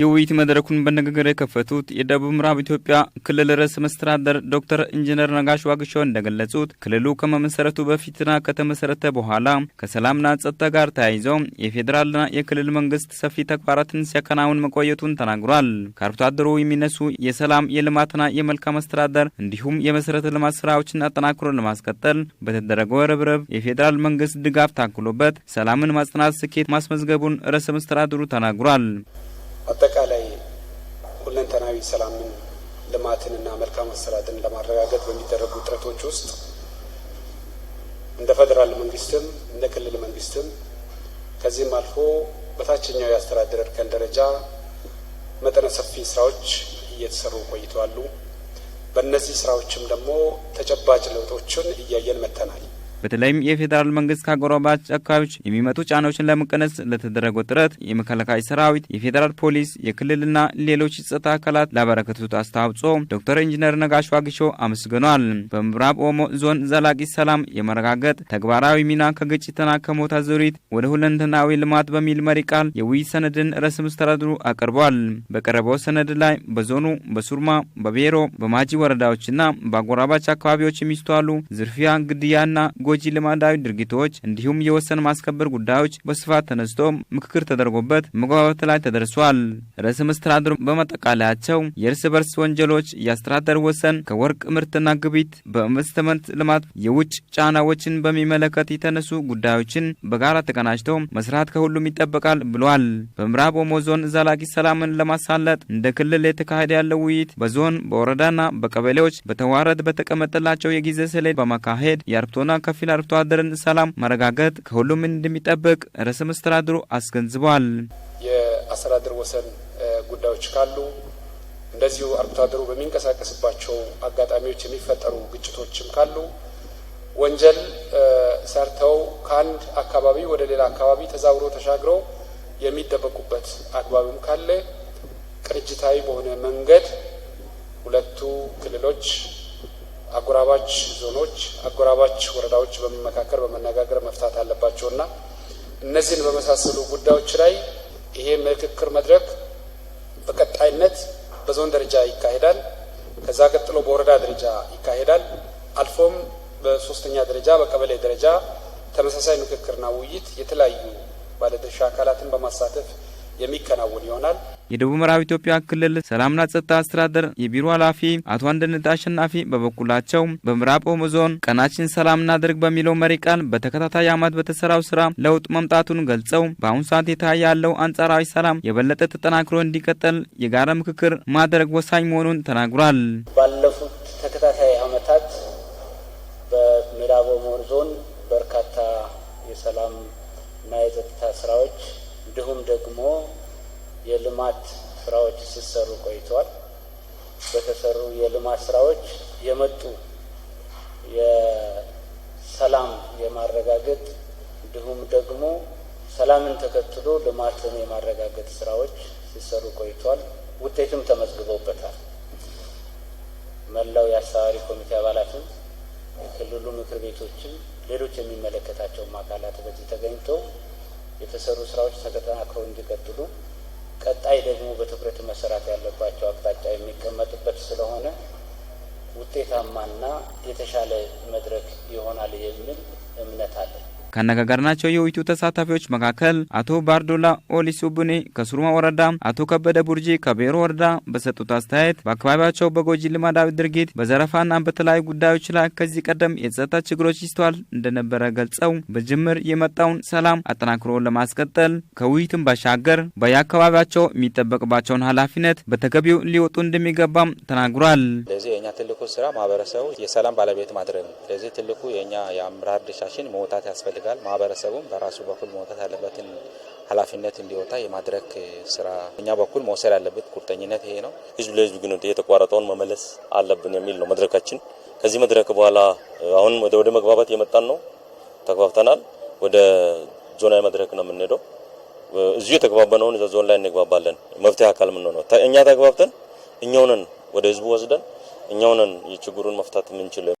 የውይይት መድረኩን በንግግር የከፈቱት የደቡብ ምዕራብ ኢትዮጵያ ክልል ርዕሰ መስተዳደር ዶክተር ኢንጂነር ነጋሽ ዋግሾው እንደገለጹት ክልሉ ከመመሰረቱ በፊትና ከተመሰረተ በኋላ ከሰላምና ጸጥታ ጋር ተያይዞ የፌዴራልና የክልል መንግስት ሰፊ ተግባራትን ሲያከናውን መቆየቱን ተናግሯል። ከአርብቶ አደሩ የሚነሱ የሰላም የልማትና የመልካም መስተዳደር እንዲሁም የመሰረተ ልማት ስራዎችን አጠናክሮ ለማስቀጠል በተደረገው ርብርብ የፌዴራል መንግስት ድጋፍ ታክሎበት ሰላምን ማጽናት ስኬት ማስመዝገቡን ርዕሰ መስተዳድሩ ተናግሯል። አጠቃላይ ሁለንተናዊ ሰላምን ልማትንና መልካም አሰራርን ለማረጋገጥ በሚደረጉ ጥረቶች ውስጥ እንደ ፌዴራል መንግስትም እንደ ክልል መንግስትም ከዚህም አልፎ በታችኛው የአስተዳደር እርከን ደረጃ መጠነ ሰፊ ስራዎች እየተሰሩ ቆይተዋሉ። በእነዚህ ስራዎችም ደግሞ ተጨባጭ ለውጦችን እያየን መጥተናል። በተለይም የፌዴራል መንግስት ከአጎራባች አካባቢዎች የሚመጡ ጫናዎችን ለመቀነስ ለተደረገው ጥረት የመከላከያ ሰራዊት፣ የፌዴራል ፖሊስ፣ የክልልና ሌሎች ጸጥታ አካላት ላበረከቱት አስተዋጽኦ ዶክተር ኢንጂነር ነጋሽ ዋጌሾ አመስግኗል። በምዕራብ ኦሞ ዞን ዘላቂ ሰላም የመረጋገጥ ተግባራዊ ሚና ከግጭትና ከሞት አዙሪት ወደ ሁለንተናዊ ልማት በሚል መሪ ቃል የውይይት ሰነድን ርዕሰ መስተዳድሩ አቅርቧል። በቀረበው ሰነድ ላይ በዞኑ በሱርማ በቤሮ በማጂ ወረዳዎችና በአጎራባች አካባቢዎች የሚስተዋሉ ዝርፊያ፣ ግድያና ጎጂ ልማዳዊ ድርጊቶች እንዲሁም የወሰን ማስከበር ጉዳዮች በስፋት ተነስቶ ምክክር ተደርጎበት መግባባት ላይ ተደርሷል። ርዕሰ መስተዳድሩ በማጠቃለያቸው የእርስ በርስ ወንጀሎች፣ የአስተዳደር ወሰን፣ ከወርቅ ምርትና ግብይት፣ በኢንቨስትመንት ልማት፣ የውጭ ጫናዎችን በሚመለከት የተነሱ ጉዳዮችን በጋራ ተቀናጅተው መስራት ከሁሉም ይጠበቃል ብሏል። በምዕራብ ኦሞ ዞን ዘላቂ ሰላምን ለማሳለጥ እንደ ክልል የተካሄደ ያለው ውይይት በዞን በወረዳና በቀበሌዎች በተዋረድ በተቀመጠላቸው የጊዜ ሰሌዳ በማካሄድ የአርብቶና ከፍ ከፊል አርብቶ አደርን ሰላም ማረጋገጥ ከሁሉም እንደሚጠበቅ ርዕሰ መስተዳድሩ አስገንዝበዋል። የአስተዳደር ወሰን ጉዳዮች ካሉ እንደዚሁ አርብቶ አደሩ በሚንቀሳቀስባቸው አጋጣሚዎች የሚፈጠሩ ግጭቶችም ካሉ ወንጀል ሰርተው ከአንድ አካባቢ ወደ ሌላ አካባቢ ተዛውሮ ተሻግረው የሚደበቁበት አግባብም ካለ ቅርጅታዊ በሆነ መንገድ ሁለቱ ክልሎች አጎራባች ዞኖች፣ አጎራባች ወረዳዎች በመመካከር በመነጋገር መፍታት አለባቸው ና እነዚህን በመሳሰሉ ጉዳዮች ላይ ይሄ ምክክር መድረክ በቀጣይነት በዞን ደረጃ ይካሄዳል። ከዛ ቀጥሎ በወረዳ ደረጃ ይካሄዳል። አልፎም በሶስተኛ ደረጃ በቀበሌ ደረጃ ተመሳሳይ ምክክርና ውይይት የተለያዩ ባለድርሻ አካላትን በማሳተፍ የሚከናወን ይሆናል። የደቡብ ምዕራብ ኢትዮጵያ ክልል ሰላምና ጸጥታ አስተዳደር የቢሮ ኃላፊ አቶ አንድነት አሸናፊ በበኩላቸው በምዕራብ ኦሞ ዞን ቀናችን ሰላም እናድርግ በሚለው መሪ ቃል በተከታታይ ዓመት በተሰራው ስራ ለውጥ መምጣቱን ገልጸው በአሁኑ ሰዓት የታየ ያለው አንጻራዊ ሰላም የበለጠ ተጠናክሮ እንዲቀጠል የጋራ ምክክር ማድረግ ወሳኝ መሆኑን ተናግሯል። ባለፉት ተከታታይ ዓመታት በምዕራብ ኦሞ ዞን በርካታ የሰላም እና የጸጥታ ስራዎች እንዲሁም ደግሞ የልማት ስራዎች ሲሰሩ ቆይተዋል። በተሰሩ የልማት ስራዎች የመጡ የሰላም የማረጋገጥ እንዲሁም ደግሞ ሰላምን ተከትሎ ልማትን የማረጋገጥ ስራዎች ሲሰሩ ቆይተዋል። ውጤትም ተመዝግበውበታል። መላው የአስተባባሪ ኮሚቴ አባላትም የክልሉ ምክር ቤቶችም ሌሎች የሚመለከታቸውም አካላት በዚህ ተገኝተው የተሰሩ ስራዎች ተጠናክረው እንዲቀጥሉ ቀጣይ ደግሞ በትኩረት መሰራት ያለባቸው አቅጣጫ የሚቀመጥበት ስለሆነ ውጤታማና የተሻለ መድረክ ይሆናል የሚል እምነት አለን። ካነጋገርናቸው የውይይቱ ተሳታፊዎች መካከል አቶ ባርዶላ ኦሊሱቡኔ ከሱሩማ ወረዳ፣ አቶ ከበደ ቡርጂ ከቤሮ ወረዳ በሰጡት አስተያየት በአካባቢያቸው በጎጂ ልማዳዊ ድርጊት በዘረፋና በተለያዩ ጉዳዮች ላይ ከዚህ ቀደም የጸጥታ ችግሮች ይስተዋል እንደነበረ ገልጸው በጅምር የመጣውን ሰላም አጠናክሮ ለማስቀጠል ከውይይትም ባሻገር በየአካባቢያቸው የሚጠበቅባቸውን ኃላፊነት በተገቢው ሊወጡ እንደሚገባም ተናግሯል። ትልቁ ስራ ማህበረሰቡ የሰላም ባለቤት ማድረግ ነው። ስለዚህ ትልቁ የኛ የአመራር ድርሻችን መውጣት ያስፈልጋል። ማህበረሰቡም በራሱ በኩል መውጣት ያለበትን ኃላፊነት እንዲወጣ የማድረግ ስራ እኛ በኩል መውሰድ ያለበት ቁርጠኝነት ይሄ ነው። ህዝብ ለህዝብ ግንኙነት የተቋረጠውን መመለስ አለብን የሚል ነው መድረካችን። ከዚህ መድረክ በኋላ አሁን ወደ መግባባት የመጣን ነው፣ ተግባብተናል። ወደ ዞናዊ መድረክ ነው የምንሄደው። እዚሁ የተግባበነውን ዞን ላይ እንግባባለን። መፍትሄ አካል ምን ነው እኛ ተግባብተን እኛውንን ወደ ህዝቡ ወስደን እኛው የችግሩን መፍታት የምንችል